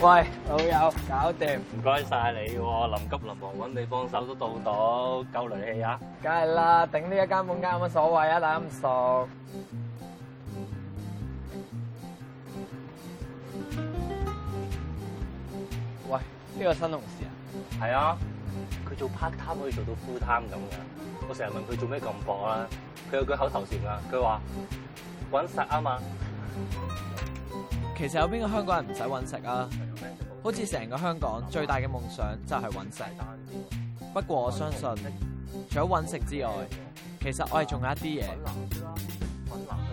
喂，老友，搞掂，唔該晒你喎，臨急臨忙搵你幫手都到到，夠雷氣啊！梗係啦，頂呢一間半間有乜所謂啊？大家咁熟。喂，呢個新同事啊，係啊，佢做 part time 可以做到 full time 咁樣，我成日問佢做咩咁搏啦，佢有句口頭禪啦，佢話搵食啊嘛。其實有邊個香港人唔使揾食啊？好似成個香港最大嘅夢想就係揾食。不過我相信，除咗揾食之外，其實我係仲有一啲嘢，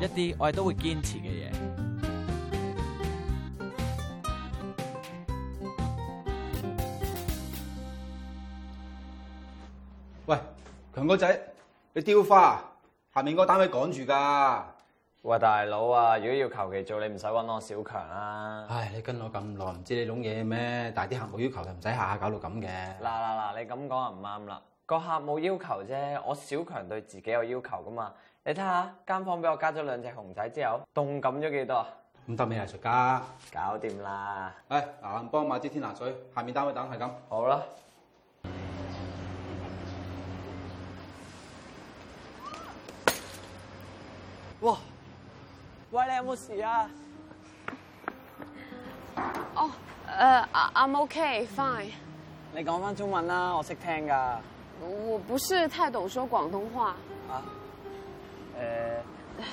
一啲我哋都會堅持嘅嘢。喂，強哥仔，你雕花啊？下面嗰個單位趕住噶。喂，大佬啊，如果要求其做，你唔使搵我小強啦，啊。唉，你跟我咁耐，唔知你懂嘢咩？但係啲客冇要求就唔使下下搞到咁嘅。嗱嗱嗱，你咁講啊唔啱啦。個客冇要求啫，我小強對自己有要求噶嘛？你睇下，間房俾我加咗兩隻熊仔之後，動感咗幾多啊？咁得未藝術家，搞掂啦。唉，嗱，幫我買支天拿水，下面單位等係咁。好啦。喂，你有冇事啊？哦，誒、oh, uh，I'm OK，fine、okay。你講翻中文啦，我識聽㗎。我不是太懂說廣東話。啊？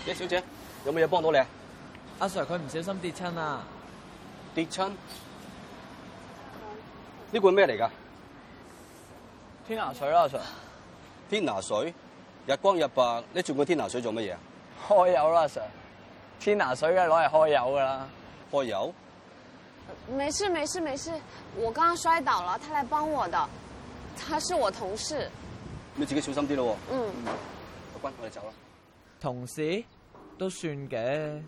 誒、uh，小姐，有冇嘢幫到你？阿 Sir，佢唔小心跌親啊！跌親？呢罐咩嚟㗎？天拿水啦，阿、嗯啊、Sir。天拿水？日光日白，你做個天拿水做乜嘢啊？開油啦，阿 Sir。天拿水嘅攞嚟開油噶啦，開油。沒事，沒事，沒事。我剛剛摔倒了，他來幫我的，他是我同事。你自己小心啲咯。嗯。阿君、嗯，我哋走啦。同事都算嘅。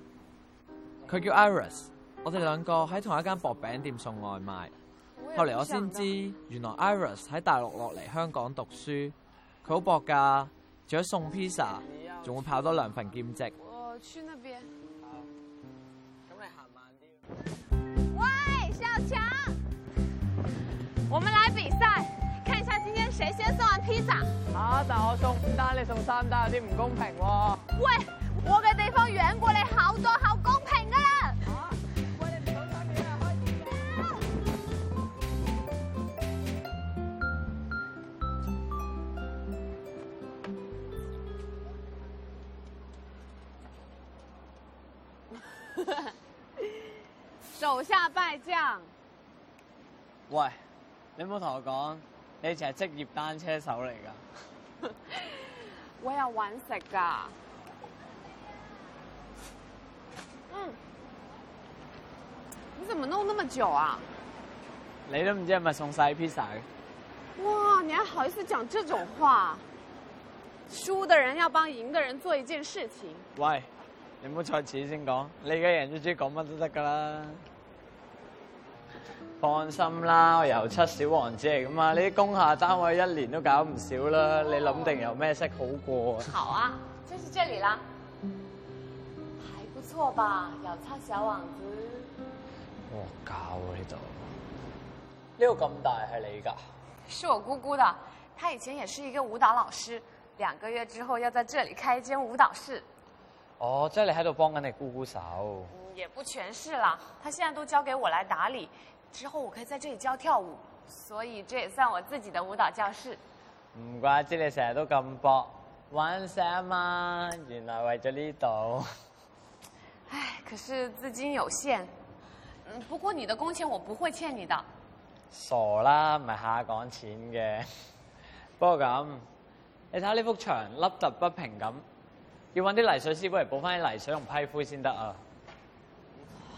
佢叫 Iris，我哋兩個喺同一間薄餅店送外賣。後嚟我先知，原來 Iris 喺大陸落嚟香港讀書。佢好搏噶，除咗送 pizza，仲會跑多兩份兼職。我去那邊。你先送完披薩啊！但我送五單，你送三單，有啲唔公平喎、啊。喂，我嘅地方遠過你好多，好公平噶啦。手下敗將。喂，你有冇同我講。你就係職業單車手嚟噶， 我有揾食噶。嗯，你怎麼弄那麼久啊？你都唔知係咪送晒 pizza？哇，你還好意思講這種話？輸的人要幫贏的人做一件事情。喂，你唔好再始先講，你嘅人要知講乜都得噶啦。放心啦，我油漆小王子嚟㗎嘛！呢啲工廈單位一年都搞唔少啦，哦、你諗定有咩色好過？好啊，就是這裏啦，還不錯吧，油漆小王子。我搞呢度，呢度咁大係你噶？是我姑姑的，她以前也是一個舞蹈老師，兩個月之後要在這裏開一間舞蹈室。哦，即係你喺度幫緊你姑姑手。也不全是啦，他現在都交給我來打理，之後我可以在這裏教跳舞，所以這也算我自己的舞蹈教室。唔怪之你成日都咁搏，玩死啊嘛！原來為咗呢度。唉，可是資金有限，不過你的工錢我不會欠你的。傻啦，唔係下下講錢嘅。不過咁，你睇下呢幅牆凹凸不平咁，要揾啲泥水師傅嚟補翻啲泥水，用批灰先得啊。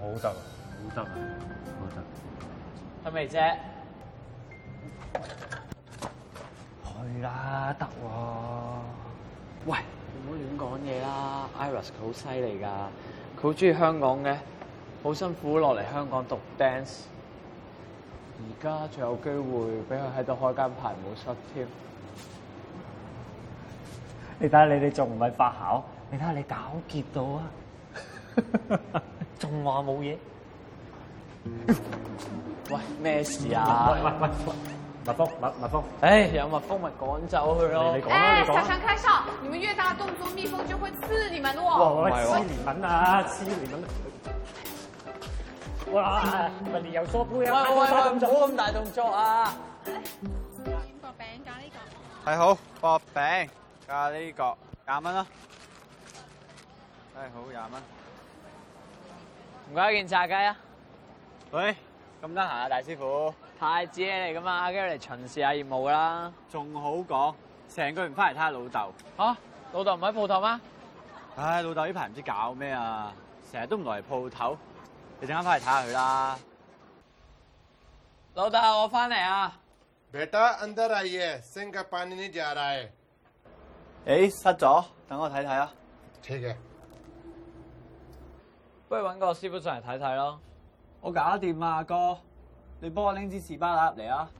好得，好得啊！得未啫？可以可以了去啦，得喎！喂，你唔好亂講嘢啦，Iris 佢好犀利噶，佢好中意香港嘅，好辛苦落嚟香港讀 dance，而家仲有機會俾佢喺度開間排舞室添。你睇下你哋，仲唔係發姣？你睇下你搞結到啊！ 仲話冇嘢？喂，咩事啊？喂喂喂，蜜蜂，蜜蜜蜂！哎，有蜜蜂咪趕走佢咯。哎，小強開哨，你們越大動作，蜜蜂就會刺你們喎。哇，我黐麵粉啊，黐麵粉！哇，你嚟說不杯啊！喂喂喂，咁大動作啊！薄餅加呢個。係、uh. 好，薄餅加呢個廿蚊啊！係好，廿蚊。唔該，一件炸雞啊！喂，咁得閒啊，大師傅？太子嚟噶嘛？今日嚟巡視下業務啦。仲好講，成個人翻嚟睇下老豆。吓、啊，老豆唔喺鋪頭咩？唉、哎，老豆呢排唔知搞咩啊，成日都唔嚟鋪頭。你陣間翻嚟睇下佢啦。老豆，我翻嚟啊 b e t a u n d e r i y e singa p a n i 塞咗，等我睇睇啊。車嘅。不如揾個師傅上嚟睇睇咯，我搞掂啊，哥，你幫我拎支士巴拿入嚟啊！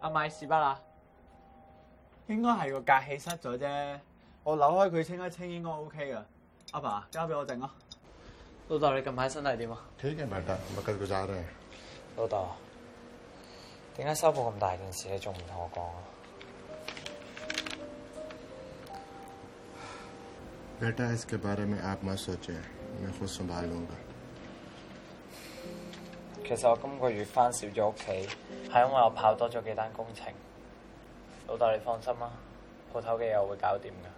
阿米，士巴拿！應該係個隔氣塞咗啫。我扭開佢清一清應該，應該 O K 噶。阿爸，交俾我整咯。老豆，你近排身體點啊？聽嘅，貝塔，我今日走嘅。老豆，點解收樓，咁大件事，你仲唔同我講啊？我，我其實我今個月返少咗屋企，係因為我跑多咗幾單工程。老豆，你放心啦，鋪頭嘅嘢我會搞掂噶。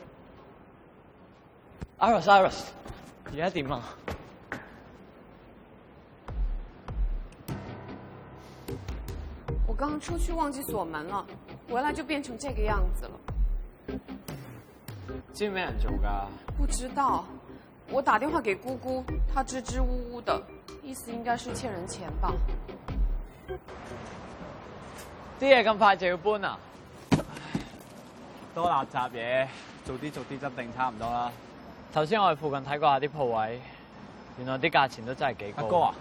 Iris，Iris，你還怎麼樣？我剛出去忘記鎖門了，回來就變成這個樣子了。進來很久噶？不知道，我打電話給姑姑，她支支吾吾的，意思應該是欠人錢吧。啲嘢咁快就要搬啊？多垃圾嘢，早啲早啲執定差，差唔多啦。頭先我去附近睇過一下啲鋪位原來啲價錢都真係幾高的。阿哥啊，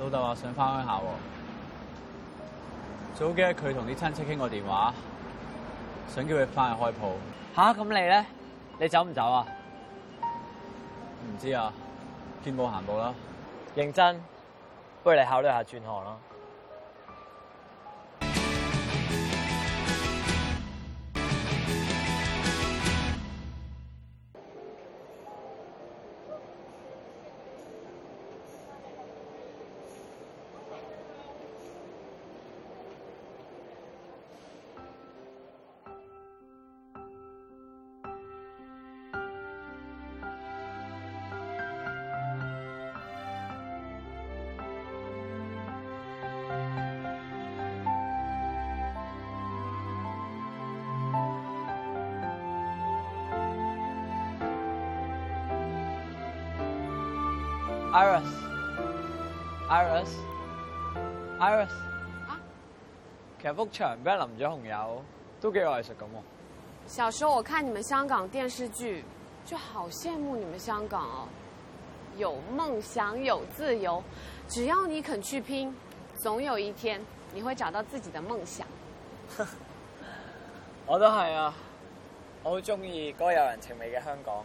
老豆話想翻鄉下喎。早幾日佢同啲親戚傾過電話，想叫佢翻去開鋪吓，啊，咁你咧？你走唔走啊？唔知啊，見步行步啦。認真，不如你考慮下轉行啦。Iris，Iris，Iris Iris, Iris, 啊！其實幅牆壁俾人淋咗紅油，都幾愛色咁。小時候我看你們香港電視劇，就好羨慕你們香港哦、啊，有夢想有自由，只要你肯去拼，總有一天你會找到自己的夢想。 我都係啊，我好中意嗰個有人情味嘅香港。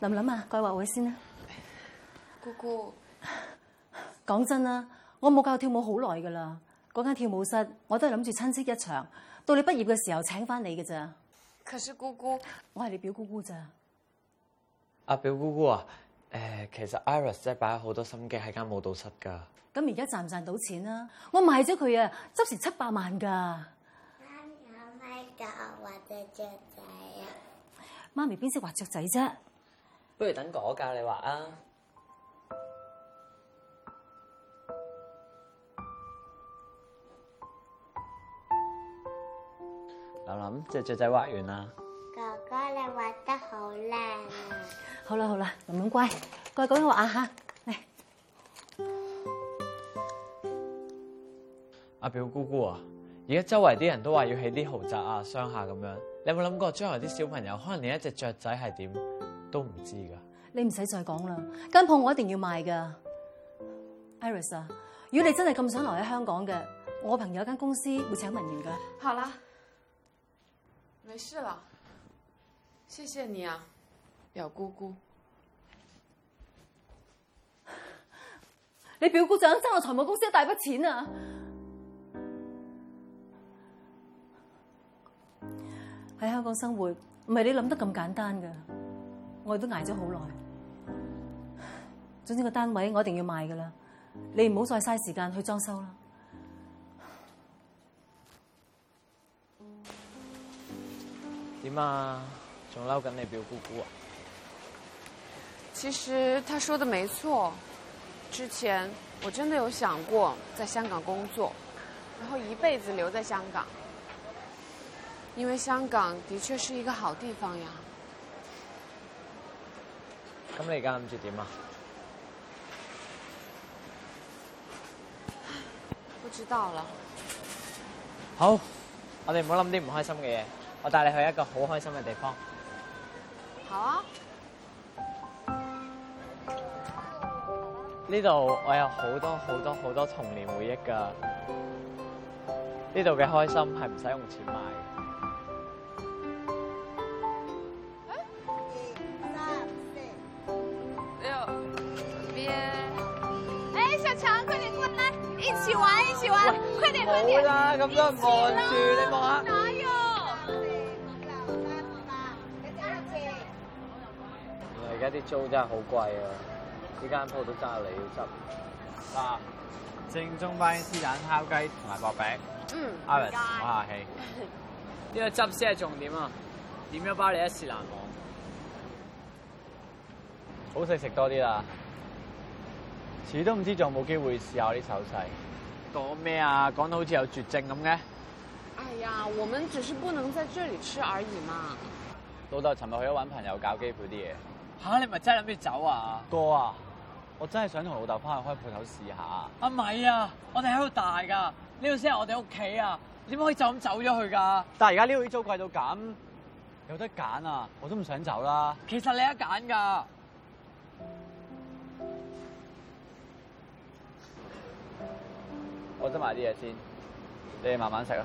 林林啊，規劃會先啦。姑姑，講真啦，我冇教我跳舞好耐噶啦。嗰間跳舞室，我都係諗住親戚一場，到你畢業嘅時候請翻你嘅咋。可是姑姑，我係你表姑姑咋？阿、啊、表姑姑啊，誒、呃，其實 Iris 真係擺好多心機喺間舞蹈室噶。咁而家賺唔賺到錢啊？我賣咗佢啊，即成七百萬噶。媽咪可唔可教我畫隻雀仔啊？媽咪邊識畫雀仔啫？不如等哥哥教你畫啊！琳琳，隻雀仔畫完啦。哥哥，你畫得，哥哥你畫得好靚。好啦好啦，琳琳乖，繼續講我畫啊吓，嚟。阿表姑姑啊，而家周圍啲人都話要起啲豪宅啊、商廈咁樣，你有冇諗過將來啲小朋友可能連一隻雀仔係點都唔知噶，你唔使再講啦，間鋪我一定要賣噶，Iris 啊，如果你真係咁想留喺香港嘅，我朋友間公司會請文員噶。好啦，沒事啦，謝謝你啊，表姑姑，你表姑丈爭我財務公司一大筆錢啊！喺香港生活，唔係你諗得咁簡單噶。我都挨咗好耐，總之個單位我一定要賣噶啦，你唔好再嘥時間去裝修啦。點啊？仲嬲緊你表姑姑啊？其實他說得沒錯，之前我真的有想過在香港工作，然後一輩子留在香港，因為香港的確是一個好地方呀。咁你而家諗住點啊？不知道啦。好，我哋唔好諗啲唔開心嘅嘢。我帶你去一個好開心嘅地方。好啊。呢度我有好多好多好多童年回憶㗎。呢度嘅開心係唔使用錢買。啦，咁多望住你望下。我哋五樓三號吧，你加入字。我而家啲租真係好貴啊！呢間鋪都揸你，要執。嗱，正宗巴基斯坦烤雞同埋薄餅。嗯。阿文，打下氣。呢 個汁先係重點啊！點樣包你一試難忘。嗯、好食食多啲啦！遲都唔知仲有冇機會試下我啲手勢。講咩啊？講到好似有絕症咁嘅。哎呀，我們只是不能在這裡吃而已嘛。老豆尋日去咗搵朋友搞雞鋪啲嘢。吓，啊，你唔係真諗住走啊？哥啊，我真係想同老豆翻去開鋪頭試下。阿米啊，啊，我哋喺度大噶，呢度先係我哋屋企啊，點可以就咁走咗去噶？但係而家呢度啲租貴到咁，有得揀啊，我都唔想走啦。其實你一揀噶。我想買啲嘢先，你哋慢慢食啊。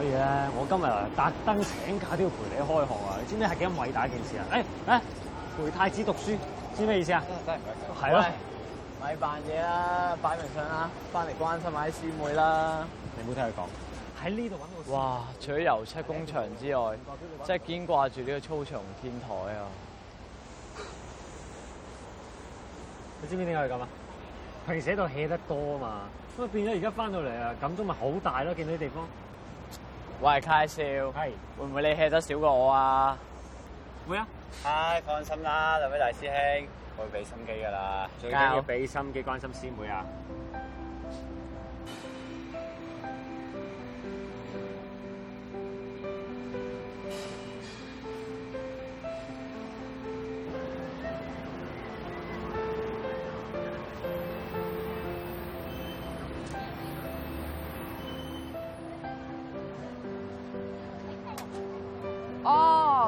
所以咧，我今日特登請假都要陪你開學啊！你知唔知係幾咁偉大一件事啊？誒、哎、誒、哎，陪太子讀書，知咩意思啊？係咯、哎，咪扮嘢啦，擺明信啦，翻嚟關心埋啲師妹啦。你唔好聽佢講喺呢度揾到。哇！除咗油漆工場之外，即係牽掛住呢個操場天台啊！ 你知唔知點解佢咁啊？平時喺度起得多啊嘛，咁變咗而家翻到嚟啊，感觸咪好大咯！見到啲地方。我係 Kai 少，是會唔會你吃得少過我啊？會啊！唉、啊，放心啦，兩位大師兄，我會俾心機㗎喇，最緊要俾心機關心師妹啊！